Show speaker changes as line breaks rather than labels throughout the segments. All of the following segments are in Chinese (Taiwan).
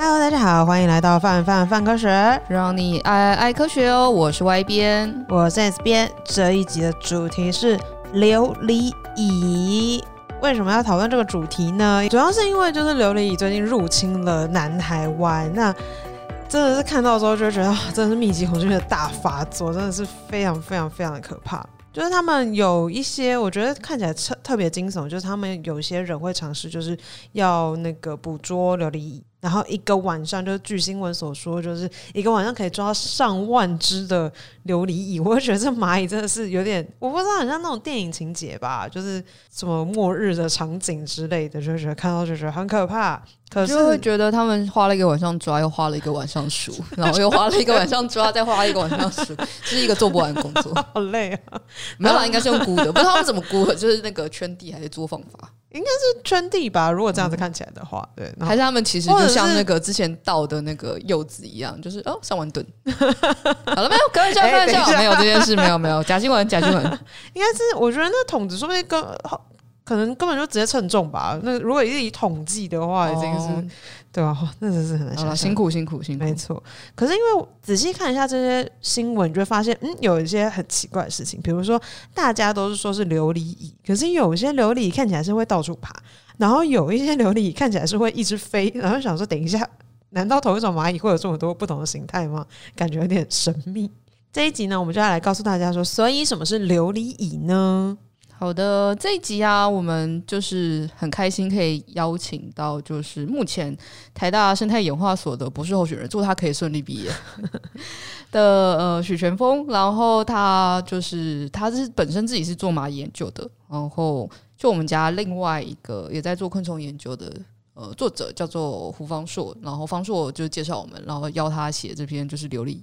Hello，大家好，歡迎來到泛泛泛科學，讓你愛愛科學哦！我是歪編，我是這邊，這一集的主題是琉璃蟻。為什麼要討論這個主題呢？主要是因為就是琉璃蟻最近入侵了南台灣，那真的是看到之後就覺得真的是密集恐懼症大發作，真的是非常非常非常的可怕。就是他們有一些，我覺得看起來特特別驚悚，就是他們有些人會嘗試就是要那個捕捉琉璃蟻。然後一個晚上，就是據新聞所說，就是一個晚上可以抓上萬隻的琉璃蟻。我就覺得這螞蟻真的是有點，我不知道很像，那種電影情節吧，就是什麼末日的場景之類的，就覺得看到就覺得很可怕。可是就會覺得他們花了一個晚上抓，又花了一個晚上數，然後，上 然後又花了一個晚上
抓，再花一個晚上數，就
是一個做不完的工作， 好累
啊、哦！沒有辦法，應該是用估的， 不知道他們怎
麼估的，就是那個圈地還是作坊法，應該是圈地吧，如果這樣子看起來的話，嗯、對，還是他們其實就像那
個之前倒的那個柚子一樣，是就是哦上萬噸，
好了沒有？開玩笑，開玩笑，沒有這件事沒，沒有沒有 假新聞，假新聞。應該是我覺得那桶子，說不定根可能根本就直接稱重吧。那如果一定以桶計的話，已經是。哦對啊，那真的是很難的，好辛苦辛苦辛苦，沒錯。可是因為仔細看一下這些新聞，你就會發現，嗯，有一些很奇怪的事情。比如說，大家都是說是琉璃椅，可是有一些琉璃看起來是會到處爬，然後有一些琉璃看起來是會一直飛。然後想說，等一下，難道同一種螞蟻會有這麼多不同的形態嗎？感覺有點神秘。這一集呢，我們就要來告訴大家說，所以什麼是琉璃椅呢？好的，這一
集啊，我們就是很開心可以邀請到，就是目前台大生態演化所的博士候選人，祝他可以順利畢業的， 的呃許全峰，然後他就是他是本身自己是做螞蟻研究的，然後就我們家另外一個也在做昆蟲研究的呃作者叫做胡方碩，然後方碩就介紹我們，然後邀他寫這篇就是琉璃。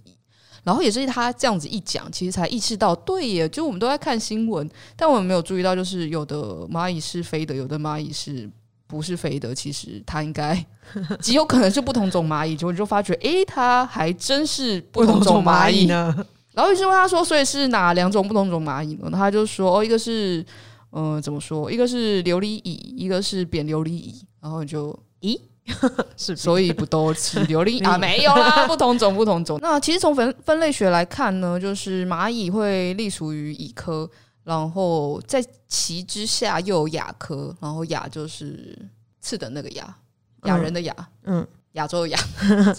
然後也是他這樣子一講，其實才意識到，對耶，就我們都在看新聞，但我們沒有注意到，就是有的螞蟻是飛的，有的螞蟻是不是飛的？其實它應該極有可能是不同種螞蟻， 就就發覺，哎、欸，它還真是不同，不同種螞蟻呢。然後我就問他說，所以是哪兩種不同種螞蟻呢？他就說，哦，一個是，嗯、呃，怎麼說？一個是琉璃蟻，一個是扁琉璃蟻。然後就，咦？ 是，所以不多吃琉璃啊？沒有啦，不同種不同種。同種 那其實從分分類學來看呢，就是螞蟻會隸屬於蟻科，然後在其之下又有亞科，然後亞就是次的那個亞，亞人的亞，嗯，亞、嗯、洲亞。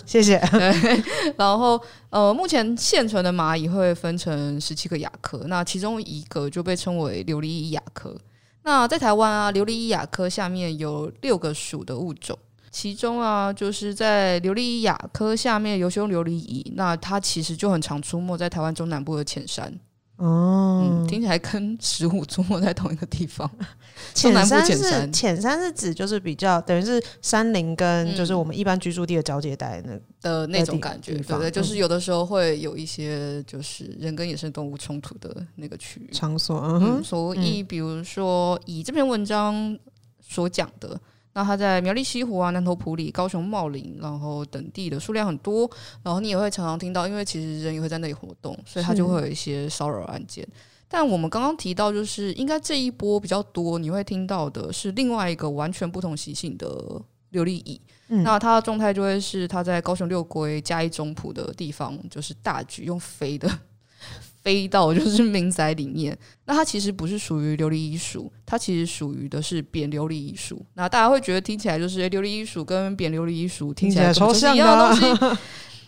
謝 謝。 然後呃，目前現存的螞蟻會分成十七個亞科，那其中一個就被稱為琉璃蟻亞科。那在台灣啊，琉璃蟻亞科下面有六個屬的物種。其中啊，就是在琉璃蟻亞科下面疣胸琉璃蟻。那它其實就很常出沒在台灣
中南部的淺山。
哦、嗯，聽起來跟石虎出沒在同一個地方。
淺山是淺山，山是指就是比較等於是山林跟就是我們一般居住地的交界帶，那的那種感覺，對，對，對，就是
有的時候會有一些就是人跟野生動物衝突的那個區域
場所、啊。嗯，所以
比如說以這篇文章所講的。那他在苗栗西湖啊、南投埔里、高雄茂林，然後等地的數量很多，然後你也會常常聽到，因為其實人也會在那裡活動，所以它就會有一些騷擾案件。但我們剛剛提到，就是應該這一波比較多，你會聽到的是另外一個完全不同習性的琉璃蟻、嗯。那它的狀態就會是它在高雄六龜、嘉義中埔的地方，就是大舉用飛的。飛到就是民宅裡面， 那它其實不是屬於琉璃蟻屬，它其實屬於的是扁琉璃蟻屬。那大家會覺得聽起來就是琉璃蟻屬跟扁琉璃蟻屬聽,聽起來超像的啊，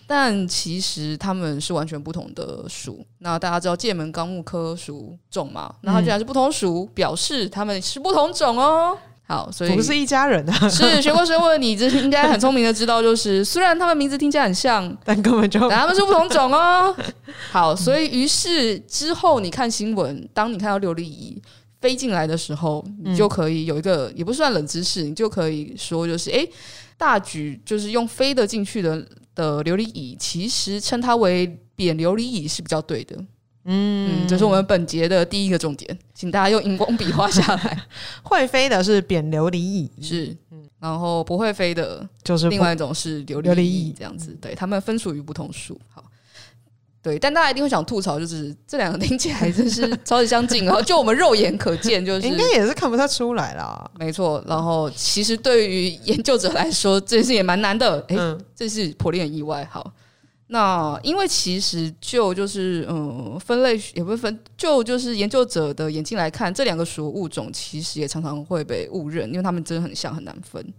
但其實他們是完全不同的屬。 那大家知道界門綱目、科屬種嘛，那它居然是不同屬，嗯、表示他們是不同種哦。好，所以我們是一
家人啊。是學過
生物的你，這 應該很聰明的知道，就是雖然他們名字聽起來很像， 但根本就他們是不同種哦。好，所以於是之後，你看新聞，當你看到琉璃蟻飛進來的時候，你就可以有一個、嗯、也不算冷知識，你就可以說就是，哎、欸，大舉就是用飛的進去的的琉璃蟻，其實稱它為扁琉璃蟻是比較對的。嗯，這、嗯就是我們本節的第一個重點。請大家用熒光筆畫下來， 會飛的是扁琉璃蟻，是，然後不會飛的就是另外一種是琉璃琉璃蟻，這樣子，對他們分屬於不同屬。好，對，但大家一定會想吐槽，就是這兩個聽起來真是超級相近， 然後就我們肉眼可見就是應該也是看不太出來啦，沒錯。然後其實對於研究者來說，這件事也蠻難的，哎、欸嗯，這是頗令人意外。好。那因為其實就就是嗯，分類也不是分，就就是研究者的眼睛來看，這兩個屬物種其實也常常會被誤認，因為他們真的很像，很難分。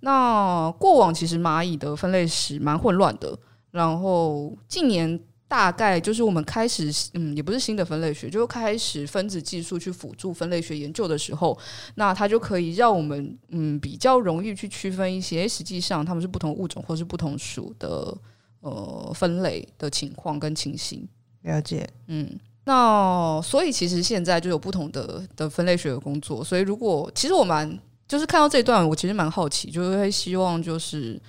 那過往其實螞蟻的分類史蠻混亂的，然後近年大概就是我們開始嗯，也不是新的分類學，就是開始分子技術去輔助分類學研究的時候，那它就可以讓我們嗯比較容易去區分一些，哎，實際上他們是不同物種或是不同屬的。呃，分類的情況跟情形了解，嗯，那所以其實現在就有不同的的分類學的工作，所以如果其實我蠻就是看到這一段，我其實蠻好奇，就是會希望就是。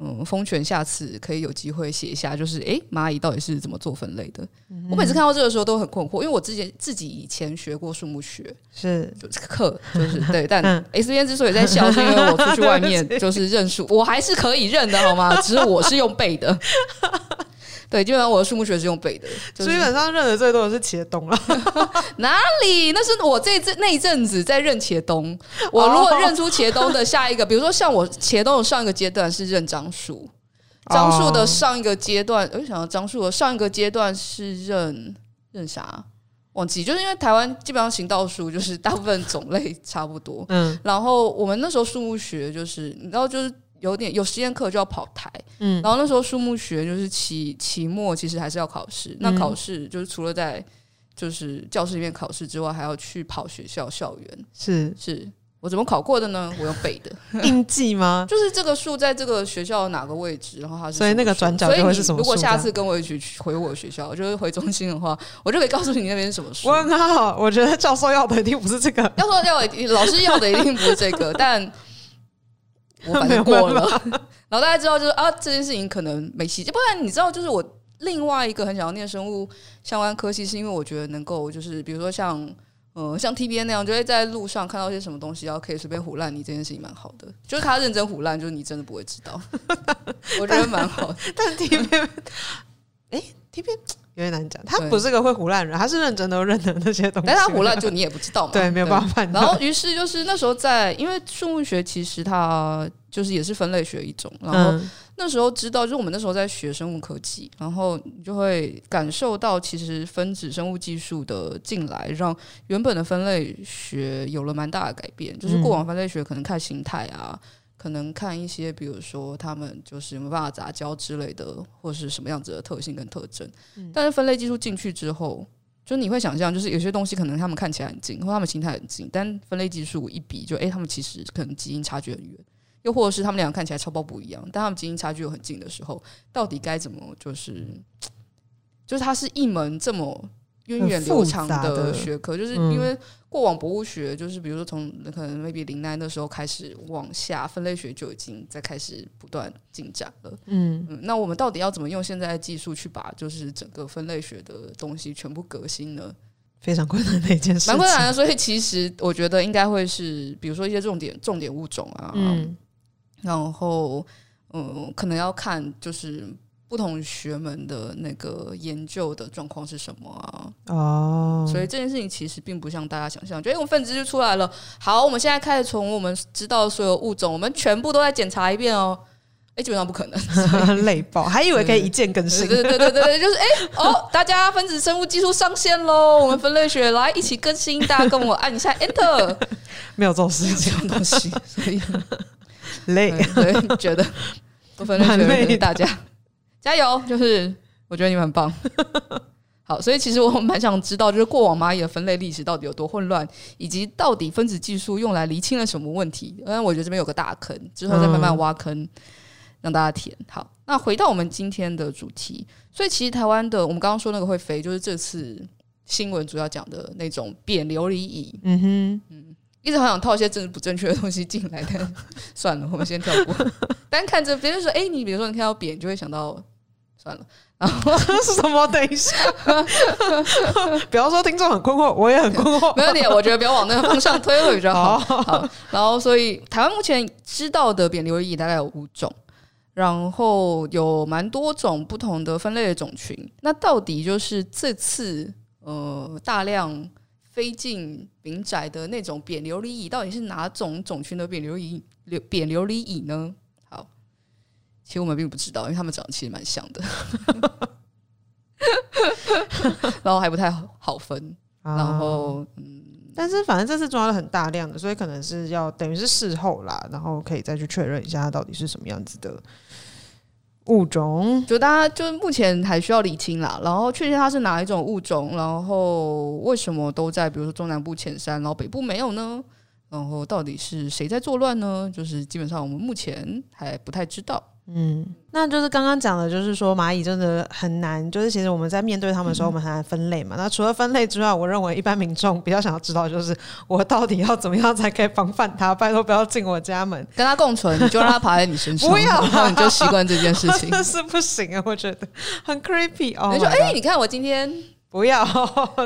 嗯，風全下次可以有機會寫一下，就是哎，螞、欸、蟻到底是怎麼做分類的、嗯？我每次看到這個時候都很困惑，因為我之前自己以前學過樹木學，是課就是、就是、對，但、嗯、S n 之所以在笑，是因為我出去外面就是認樹， 我還是可以認的，好嗎？只是我是用背的。 對，基本上我的樹木學是用背的，就是，基本上認的最多的是茄冬了。哪裡？那是我這陣那一陣子在認茄冬，我如果認出茄冬的下一個，哦、比如說像我茄冬的上一個階段是認樟樹，樟、哦、樹的上一個階段，欸、我就想到樟樹的上一個階段是認認啥？忘記，就是因為台灣基本上行道樹就是大部分種類差不多。嗯，然後我們那時候樹木學就是，你知道就是。有點有實驗課就要跑台，嗯，然後那時候樹木學就是期期末其實還是要考試，嗯，那考試就是除了在就是教室裡面考試之外，還要去跑學校校園。是是我怎麼考過的呢？我要背的
印記嗎？ 就是這個
樹在這個學校哪個位置，然後它
是所以那個轉角因為是什麼樹，如果下次跟
我一起去回我學校，嗯，就是回中心的話，我就可以告訴你那邊是什麼樹。
我靠，我覺得教授要的一定不
是這個， 教授要的老師要的一定不是這個， 但。我反正過了，
然
後大家知道就是啊，這件事情可能沒戲。不然你知道，就是我另外一個很想要念生物相關科系，是因為我覺得能夠就是比如說像呃像 T B N 那樣，就會在路上看到些什麼東西，然後可以隨便唬爛，你這件事情蠻好的。就是他認真唬爛，就是你真的不會知道，
我覺得蠻好的。但 T B N 哎 T B N。 因為難講，他不是個會唬爛人，他是認真的認得那些東西，但是他唬爛就你也不知道嘛，對，沒有辦法。然後於
是就是那時候在，因為生物學其實它就是也是分類學一種，然後那時候知道，嗯、就是、我們那時候在學生物科技，然後就會感受到其實分子生物技術的進來，讓原本的分類學有了蠻大的改變，就是過往分類學可能看形態啊。嗯可能看一些，比如說他們就是有沒有辦法雜交之類的，或者是什麼樣子的特性跟特徵、嗯。但是分類技術進去之後，就你會想象，就是有些東西可能他們看起來很近，或他們形態很近，但分類技術一比，就哎、欸，他們其實可能基因差距很遠。又或者是他們兩個看起來超包不一樣，但他們基因差距又很近的時候，到底該怎麼、就是？就是就是它是一門這麼。源遠流長的學科的，就是因為過往博物學，嗯、就是比如說，從可能 maybe 林奈那時候開始往下，分類學就已經在開始不斷進展了。嗯嗯，那我們到底要怎麼用現在的技術去把就是整個分類學的東西全部革新呢？
非常困難的一
件事，蠻困難的。所以其實我覺得應該會是，比如說一些重點重點物種啊，嗯、然後嗯，可能要看就是。不同學門的那個研究的狀況是什麼啊？哦、
oh.，所以這
件事情其實並不像大家想象，覺得我們分子就出來了。好，我們現在開始從我們知道的所有物種，我們全部都再檢查一遍哦。哎、欸，基本上不可能，所以，
累爆，還以為可以一鍵更新。對對對對對，就是哎、
欸、哦，大家分子生物技術上線嘍！我們分類學來一起更新， 大家跟我按一下 Enter。
沒有這種事東西，所以累、欸對，覺得
不分類學累大家。加油，就是我覺得你們很棒。 好，所以其實我蠻想知道，就是過往螞蟻的分類歷史到底有多混亂，以及到底分子技術用來釐清了什麼問題？嗯，我覺得這邊有個大坑，之後再慢慢挖坑讓大家填。好、嗯，那回到我們今天的主題，所以其實台灣的我們剛剛說那個會飛，就是這次新聞主要講的那種扁琉璃蟻。
嗯哼，
嗯，一直很想套一些政治不正確的東西進來，但算了，我們先跳過。單看這，別人說，哎，你比如說你看到扁，就會想到。算
了，然後是 什麼？等一下， 比方說聽眾很困惑，我也很困惑。沒有點， 我覺得不要往那個方向推了比較好。哦、好，
然後所以台灣目前知道的扁琉璃蟻大概有五種，然後有蠻多種不同的分類的種群。那到底就是這次呃大量飛進民宅的那種扁琉璃蟻，到底是哪種種群的扁琉璃扁琉璃蟻呢？其實我們並不知道，因為他們長得其實蠻像的 ，
然後還不太好分。然後，啊、嗯，但是反正這次抓了很大量的，所以可能是要等於是事後啦，然後可以再去確認一下它到底是什麼樣子的物種。就大家就是目前還需要理清啦，然後確認它
是哪一種物種，然後為什麼都在比如說中南部淺山，然後北部沒有呢？
然後到底是誰在作亂呢？就是基本上我們目前還不太知道。嗯，那就是剛剛講的，就是說螞蟻真的很難，就是其實我們在面對它們的時候，我們很難分類嘛、嗯。那除了分類之外，我認為一般民眾比較想要知道，就是我到底要怎麼樣才可以防範它？拜託不要進我家門，跟它共存， 你就讓它爬在你身上，不要，然後你就習慣這件事情，但 是不行啊，我覺得很 creepy。哦、oh，你說，哎，你看我今天。不要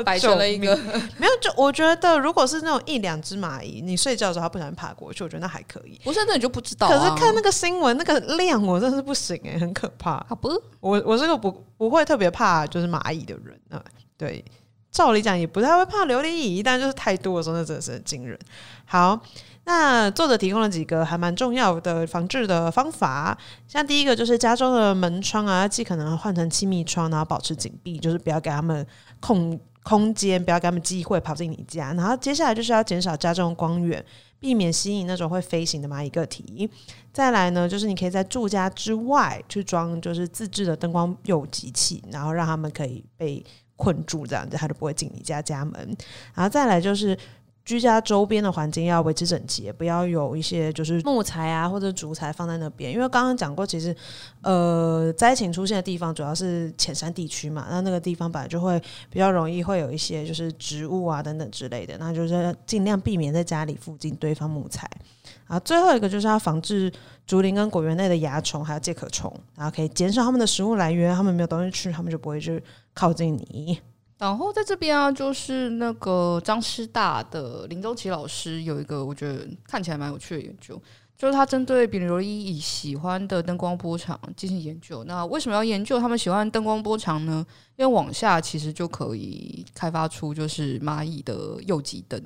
白設了一個， 沒有就我覺得，如果是那種一兩只螞蟻，你睡覺的時候它不小心爬過去，我覺得那還可以。不是，那你就不知道。可是看那個新聞，那個量我真的是不行誒、欸，很可怕。好不？我我是個不不會特別怕就是螞蟻的人啊。對，照理講也不太會怕琉璃蟻，但就是太多的時候那真的是驚人。好。那作者提供了幾個還蠻重要的防治的方法，像第一個就是家中的門窗啊，要盡可能換成氣密窗，然後保持緊閉，就是不要給他們空空間，不要給他們機會跑進你家。然後接下來就是要減少家中的光源，避免吸引那種會飛行的螞蟻個體。再來呢，就是你可以在住家之外去裝，就是自製的燈光誘集器，然後讓他們可以被困住，這樣子他就不會進你家家門。然後再來就是，居家周邊的環境要維持整潔，不要有一些就是木材啊或者竹材放在那邊，因為剛剛講過，其實呃災情出現的地方主要是淺山地區嘛，那那個地方本來就會比較容易會有一些就是植物啊等等之類的，那就是儘量避免在家裡附近堆放木材。啊，最後一個就是要防治竹林跟果園內的蚜蟲還有介殼蟲，然後可以減少他們的食物來源，他們沒有東西吃，他們就不會去靠近你。
然後在這邊啊，就是那個彰師大的林宗岐老師有一個我覺得看起來蠻有趣的研究，就是他針對比如一喜歡的燈光波長進行研究。那為什麼要研究他們喜歡的燈光波長呢？因為往下其實就可以開發出就是螞蟻的誘集燈，
誘、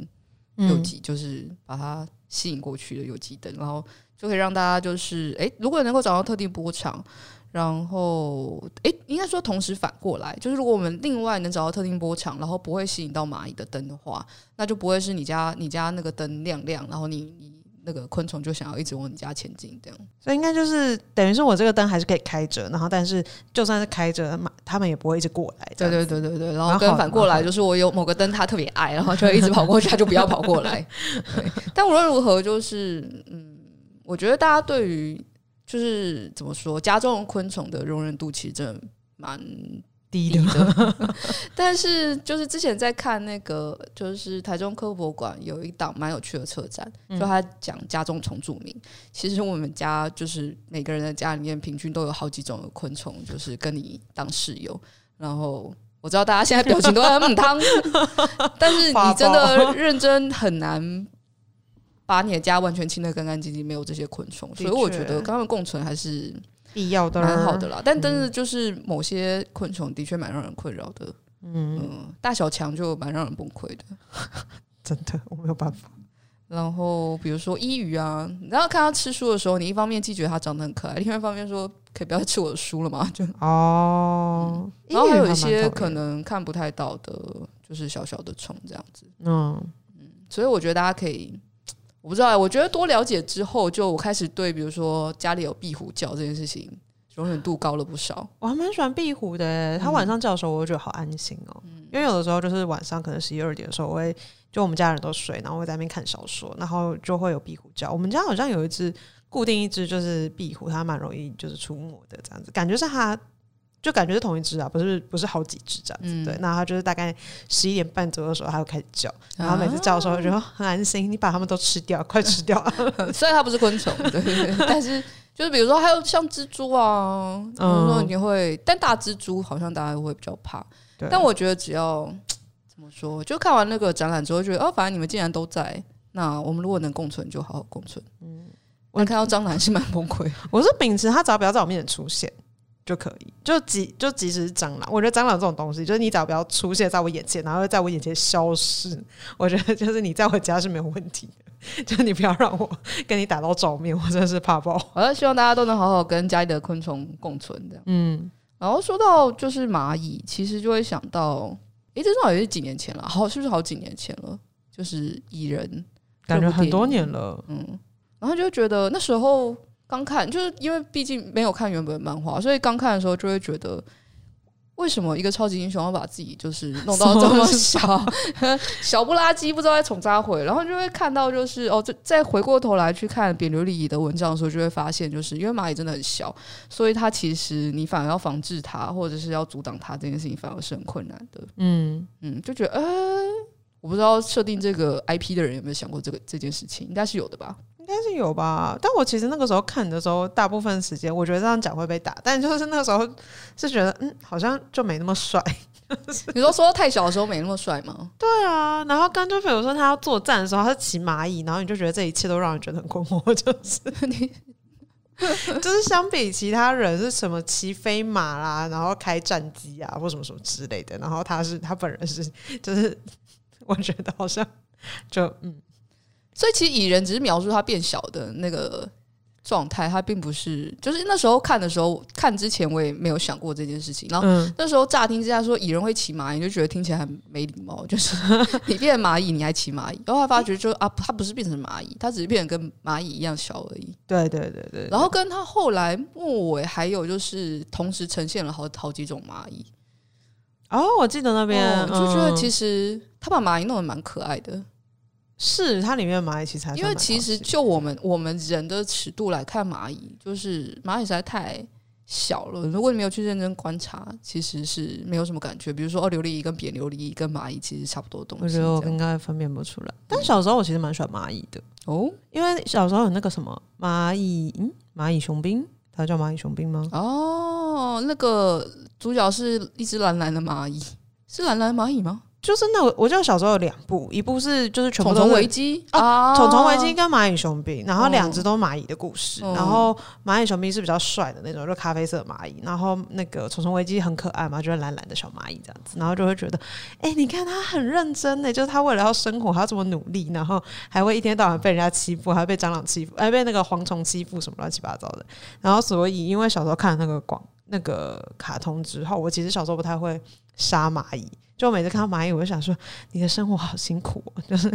嗯、集
就是把它吸引過去的誘集燈，然後就可以讓大家就是哎，如果能夠找到特定波長。然後，誒，應該說同時反過來，就是如果我們另外能找到特定波長，然後不會吸引到螞蟻的燈的話，那就不會是你家你家那個燈亮亮，然後你你那個昆蟲就想要一直往你家前進這樣。
所以應該就是等於是我這個燈還是可以開着，然後但是就算是開着，馬他們也不會一直過來。對對對對對。然後跟反過來就是
我有某個燈它特別愛，然後就會一直跑過去，它就不要跑過來。 但無論如何，就是嗯，我覺得大家對於。就是怎麼說，家中昆蟲的容忍度其實真蠻低的。低的 但是，就是之前在看那個，就是台中科博館有一檔蠻有趣的車展，就他講家中蟲住民。其實我們家就是每個人的家裡面，平均都有好幾種的昆蟲，就是跟你當室友。然後我知道大家現在表情都很母湯 但是你真的認真很難。把你的家完全清得乾乾淨淨，沒有這些昆蟲，所以我覺得跟它們共存還是必要的，蠻好的啦。但但是就是某些昆蟲的確蠻讓人困擾的，嗯，嗯大小強就蠻讓人崩潰的，
真的我沒有辦法。
然後比如說衣魚、魚啊，你後看他吃書的時候，你一方面既覺得它長得很可愛，另外一方面說可以不要吃我的書了嗎？就哦、嗯。然後還有一些可能看不太到的、嗯，就是小小的蟲這樣子，嗯，嗯所以我覺得大家可以。我不知道、欸、我覺得多了解之後，就我開始對，比如說家裡有壁虎叫這
件事情容忍度高了不少。我還蠻喜歡壁虎的、欸，它晚上叫的時候，我會覺得好安心哦、喔嗯。因為有的時候就是晚上可能十一二點的時候，我會就我們家人都睡，然後我在那邊看小說，然後就會有壁虎叫。我們家好像有一隻固定一隻就是壁虎，它蠻容易就是出沒的這樣子，感覺是它。就感覺是同一隻啊，不是不是好幾隻這樣子、嗯、對。那它就是大概十一點半左右的時候，它又開始叫。然後每次叫的時候，就很安心，你把他們都吃掉，快吃掉、啊。 雖然它不是昆蟲，對， 但是就是比如說還有像
蜘蛛啊、嗯，比如說你會，但大蜘蛛好像大家會比較怕。對。但我覺得只要怎麼說，就看完那個展覽之後，覺得哦，反正你們既然都在，那
我們如果能共存，就好好共存。嗯，我看到蟑螂是蠻崩潰。我說秉持他只要不要在我面前出現。就可以，就即，就即使是蟑螂。我覺得蟑螂這種東西，就是你只要不要出現在我眼前，然後在我眼前消失。我覺得就是你在我家是沒有問題的，就你不要讓我跟你打到照面，我真的是怕爆。我要希望大家都能好好跟
家裡的昆蟲共存，這樣。嗯，然後說到就是螞蟻，其實就會想到，哎、欸，這至少也是幾年前了，好，是不是好幾年前了？就是蟻人，
感覺很多年了。
嗯，然後就覺得那時候。剛看，就是因為畢竟沒有看原本漫畫，所以剛看的時候就會覺得，為什麼一個超級英雄要把自己就是弄到這麼小 小不拉幾，不知道在從咋回，然後就會看到就是哦，再再回過頭來去看扁琉璃蟻的文章的時候，就會發現就是因為螞蟻真的很小，所以它其實你反而要防治它，或者是要阻擋它這件事情，反而是很困難的。嗯嗯，就覺得呃，我不知道設定這個 IP 的人有沒有想過這個
這件事情，應該是有的吧。應該是有吧，但我其實那個時候看你的時候，大部分時間我覺得這樣講會被打，但就是那個時候是覺得，嗯，好像就沒那麼帥。你說說太小的時候沒那麼帥嗎？對啊。然後剛就比如說他要作戰的時候，他是騎螞蟻，然後你就覺得這一切都讓人覺得很困惑。就是你就是相比其他人是什麼騎飛馬啦，然後開戰機啊，或什麼什麼之類的，然後他是他本人是就是我覺得好像就嗯。
所以其實蟻人只是描述他變小的那個狀態，他並不是。就是那時候看的時候，看之前我也沒有想過這件事情。然後那時候乍聽之下說蟻人會騎螞蟻，就覺得聽起來很沒禮貌。就是你變成螞蟻，你還騎螞蟻。然後他發覺就，就啊，他不是變成螞蟻，他只是變成跟螞蟻一樣小而已。
對對對對，對。然
後跟他後來末尾還有就是同時呈現了好好幾種螞蟻。哦，我記得那邊、嗯、就覺得其實他把螞蟻弄得蠻可愛的。是它裡面的螞蟻其實還蠻多因為其實就我們我們人的尺度來看螞蟻，就是螞蟻實在太小了。如果你沒有去認真觀察，其實是沒有什麼感覺。比如說，哦琉
璃蟻跟扁琉璃蟻跟螞蟻其實差不多的東西。我覺得我應該分辨不出來、嗯。但小時候我其實蠻喜歡螞蟻的哦，因為小時候有那個什麼螞蟻，嗯，螞蟻雄兵，它叫螞蟻雄兵嗎？哦，那個主角是一
只藍藍,藍藍的螞蟻，是藍藍螞蟻嗎？
就是那我，我記得小時候有兩部，一部是就是，蟲蟲是《蟲蟲危機》啊，
《蟲蟲危機》跟
《螞蟻雄兵》啊，然後兩隻都是螞蟻的故事。哦、然後《螞蟻雄兵》是比較帥的那種，就咖啡色螞蟻。然後那個《蟲蟲危機》很可愛嘛，就是藍藍的小螞蟻這樣子。然後就會覺得，哎、欸，你看他很認真呢、欸，就是他為了要生活，還要這麼努力，然後還會一天到晚被人家欺負，還要被蟑螂欺負，還被那個蝗蟲欺負什麼亂七八糟的。然後所以，因為小時候看了那個廣那個卡通之後，我其實小時候不太會殺螞蟻。就每次看到螞蟻，我就想說：“你的生活好辛苦，就是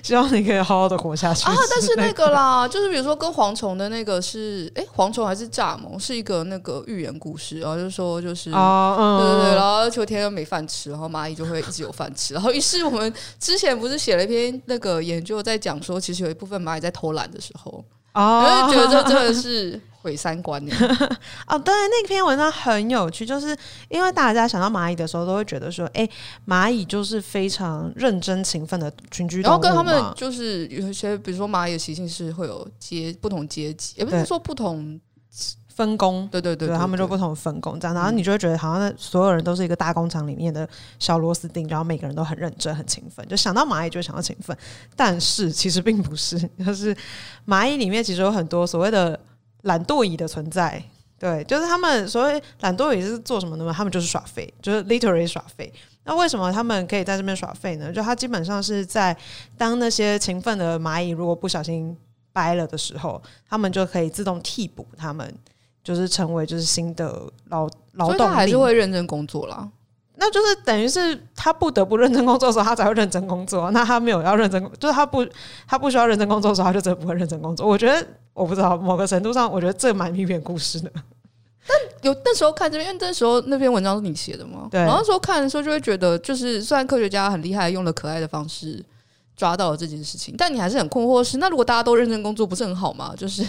希望你可以好好的活下去。”啊！但是那個啦，
就是比如說跟蝗蟲的那個是，哎、欸，蝗蟲還是蚱蜢，是一個那個寓言故事。然後就說，就是啊，oh, um. 對對對，然後秋天又沒飯吃，然後螞蟻就會一直有飯吃。然後於是我們之前不是寫了一篇那個研究，在講說，
其實有一部分螞蟻在偷懶的時候，我、oh. 就覺得這真的是。毀三觀 哦！對，那篇文章很有趣，就是因為大家想到螞蟻的時候，都會覺得說：“哎、欸，螞蟻就是非常認真勤奮的群居動物嘛。然後跟他們就
是有一些，比如說螞蟻的習性是會有階不同階級，也不是說不同分
工，對對對，對，對，對，他們就不同分工這樣。然後你就會覺得好像那所有人都是一個大工廠裡面的小螺絲釘，然後每個人都很認真、很勤奮。就想到螞蟻，就會想到勤奮，但是其實並不是，就是螞蟻裡面其實有很多所謂的。懶惰蟻的存在，對，就是他們所謂懶惰蟻是做什麼的嗎？他們就是耍廢，就是 literally 耍廢。那為什麼他們可以在這邊耍廢呢？就他基本上是在當那些勤奮的螞蟻如果不小心掰了的時候，他們就可以自動替補，他們就是成為就是新的勞勞動力，所以他還是會認真工作啦。那就是等於是他不得不認真工作的時候，他才會認真工作。那他沒有要認真，就是他不，他不需要認真工作的時候，他就真的不會認真工作。我覺得我不知道，某個程度上，我覺得這蠻迷戀故事的。
但有那時候看這篇，因為那時候那篇文章是你寫的嘛？對。然後那
時候看的時候就會
覺得，就是雖然科學家很厲害，用了可愛的方式抓到了這件事情，但你還是很困惑：是那如果大家都認真工作，不是很好嗎？就是。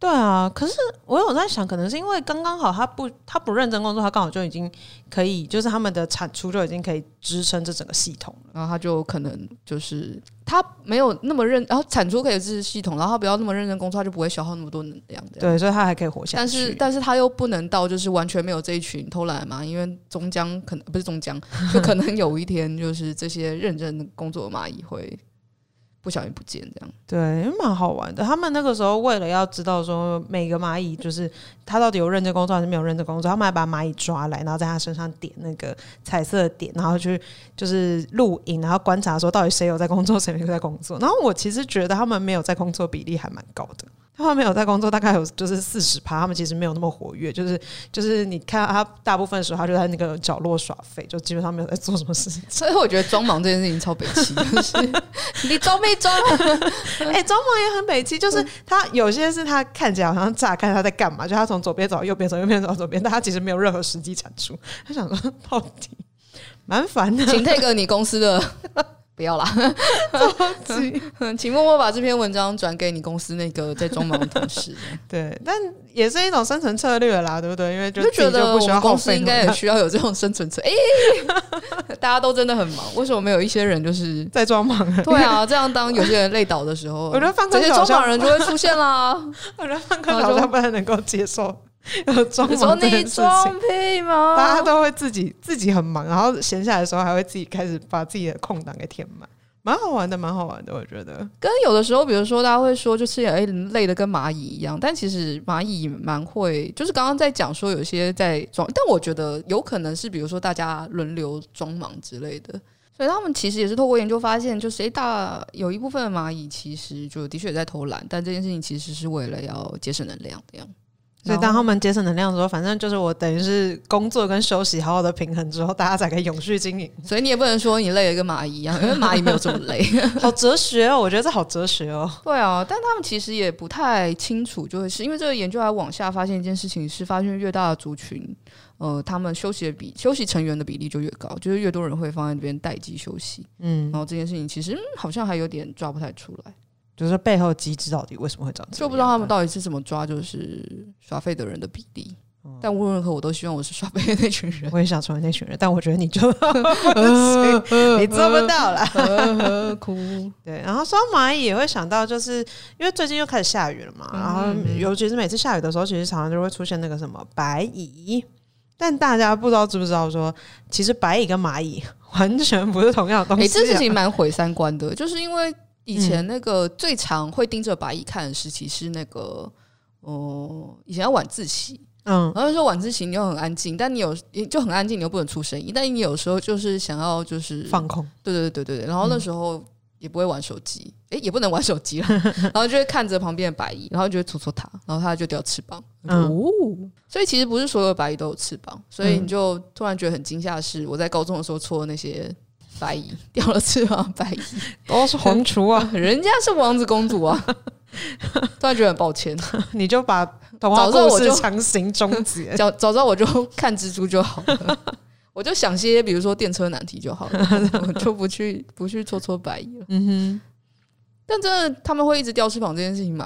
對啊，可是我有在想，可能是因為剛剛好他不他不認真工作，他剛好就已經可以，就是他們的產出就已經可以支撐這整個系統，然後他就可能就是他沒有那麼認，
然後產出可以支持系統，然後他不要那麼認真工作，他就不會消耗那麼多能量。對，所以他還可以活下去。但是但是他又不能到就是完全沒有這一群偷懶嘛，因為終將可能不是終將，就可能有一天就是這些認真工作的螞蟻會不小心不見
這樣，對，蠻好玩的。他們那個時候為了要知道說，每個螞蟻就是他到底有認真工作還是沒有認真工作，他們還把螞蟻抓來，然後在它身上點那個彩色點，然後去就是錄影，然後觀察說到底誰有在工作，誰沒有在工作。然後我其實覺得他們沒有在工作比例還蠻高的。他們沒有在工作，大概有就是四十趴。他們其實沒有那麼活躍，就是就是你看到他大部分的時候，他就在那個角落耍廢，就基本上沒有在做什麼事情。所以我覺得裝忙這件事情超北七， 你裝沒裝？哎、 欸，裝忙也很北七，就是他有些是他看起來好像乍看他在幹嘛，就他從左邊走，右邊走，右邊走左邊，但他其實沒有任何實際產出。他想說到底蠻煩的，請退個你
公司的。
不要啦，超 級
麼急， 請默默把這篇文章轉給你公司那個在裝忙的同事。對，但也是一種生存策略了啦，對不對？因為就，就，就覺得我公司應該也需要有這種生存策。誒、欸，大家都真的很忙，為什麼沒有一些人就是在裝忙？對啊，這樣當有些人累倒的
時候， 這些裝忙的人就會出
現啦。我覺得放克好像
不太能夠接受。有裝忙這件事情大家都會自己自己很忙，然後閒下來的時候還會自己開始把自己的空檔給填滿，蠻好玩的，蠻好玩的。我覺得
跟有的時候，比如說大家會說，就是誒，累得跟螞蟻一樣，但其實螞蟻蠻會，就是剛剛在講說有些在裝，但我覺得有可能是比如說大家輪流裝忙之類的，所以他們其實也是透過研究發現，就是大有一部分螞蟻其
實就的確在偷懶，但這件事情其實是為了要節省能量的樣。所以當他們節省能量的時候，反正就是我等於是工作跟休息好好的平衡之後，大家才可以永續經營。所以你也不能說你累得跟螞蟻一樣，因為螞蟻沒有這麼累。 好哲學哦，我覺得這好哲學哦。
對啊，但他們其實也不太清楚，就會是因為這個研究還往下發現一件事情，是發現越大的族群，呃，他們休息的比休息成員的比例就越高，就是越多人會放在那邊待機休息。嗯，然後這件事情其實、嗯、好像還有點抓不太出來。
就是背後機制，到底為什麼會長這樣，就不知道
他們到底是怎麼抓，就是刷廢的人的比例。
但無論如何，我都希望我是刷廢的那群人。我也想成為那群人，但我覺得你做 你做不到了。 哼哼哭苦？ 對，然後刷螞蟻也會想到，就是因為最近又開始下雨了嘛。然後，尤其是每次下雨的時候，其實常常就會出現那個什麼白蟻。但大家不知道知不知道，說其實白蟻跟螞蟻完全不是同樣的東西、欸。這事情蠻毀三觀的，就是
因為。以前那個最常會盯着白蟻看的時期是那個，哦、呃，以前要晚自習，嗯，然後那時候晚自習你又很安靜，但你有就很安靜，你又不能出聲音，但你有時候就是想要就是放空，對對對對對，然後那時候也不會玩手機，哎、嗯，也不能玩手機了， 然後就會看着旁邊的白蟻，然後就會戳戳它，然後它就掉翅膀，哦、嗯嗯，所以其實不是所有的白蟻都有翅膀，所以你就突然覺得很驚嚇的是，我在高中的時候戳那些。白蟻掉了翅膀，白蟻都是
紅廚啊！ 人家是
王子公主啊！ 突然覺得很抱歉，你就把童話故事強行終結，早知道我就，早早知道我就看蜘蛛就好了， 我就想些比如說電車難題就好了， 我就不去不去戳戳白蟻了。嗯哼，但真的他們會一直掉翅膀這件事情蠻，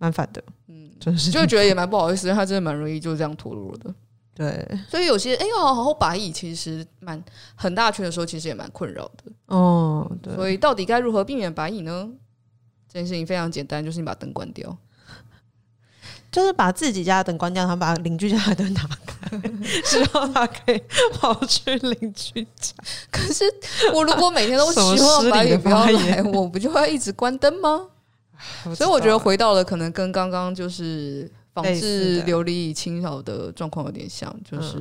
蠻蠻煩的。嗯，就是就覺得也蠻
不好意思，因為他真的蠻容易就這樣脫落的。對，所以有些哎呦，欸、好好白蟻，其實蠻很大圈的時候，其實也蠻困擾的。嗯、
哦，對。所以
到底該如何避免白蟻呢？這件事情非常簡單，就是你把燈關掉，
就是把自己家的燈關掉，然後把鄰居家的燈打開， 希望他可以跑去鄰居家。可是我如果每天都希望白蟻不要來，我
不就會一直關燈嗎？ 啊、所以我覺得回到了，可能跟剛剛就是。是琉璃蟻清掃的狀況有點像，就是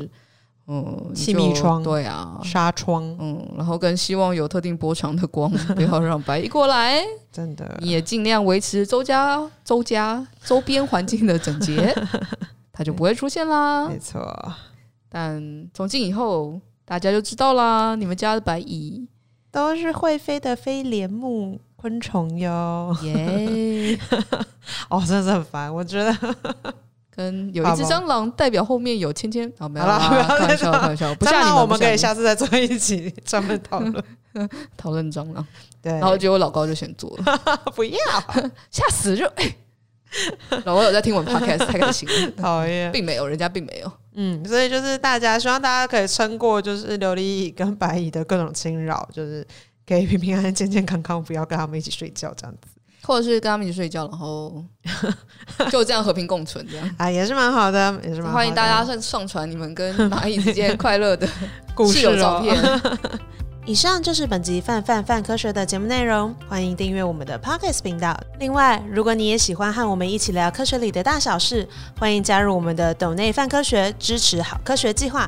嗯，嗯就，氣密窗對啊，紗窗嗯，然後跟希望有特定波長的光 不要讓白蟻過
來，真的
你也盡量維持周家周家周邊環境的整潔， 它就不會出現啦。沒錯，但從今以後大家就知道啦，你
們家的白蟻都是會飛的蜚蠊目。昆蟲喲，耶！哦，真的是很煩。我覺得跟有一隻蟑
螂代表後面有千千，
好哦，沒有了，不要再說。蟑螂我們可以下次再做一集專門討論
討論 蟑螂。對，然後結果老高就先做了， 不
要嚇 死就。 老高有在聽我們 Podcast，太開心了， 討厭，並沒有，人家並沒有。嗯，所以就是大家希望大家可以撐過，就是琉璃蟻跟白蟻的各種侵擾，就是。可以平平安安、健健康康，不要跟他們一起睡覺這樣子，
或者是跟他們一起睡覺，然後就這樣和平共存，這
樣 啊，也是蠻好的，也是蠻歡迎大家上上傳你們跟螞蟻之間快樂的
故事照片。
故事囉笑以上就是本集《泛泛泛科學》的節目內容，歡迎訂閱我們的 Podcast 頻道。另外，如果你也喜歡和我們一起聊科學裡的大小事，歡迎加入我們的“斗內泛科學”支持好科學計劃。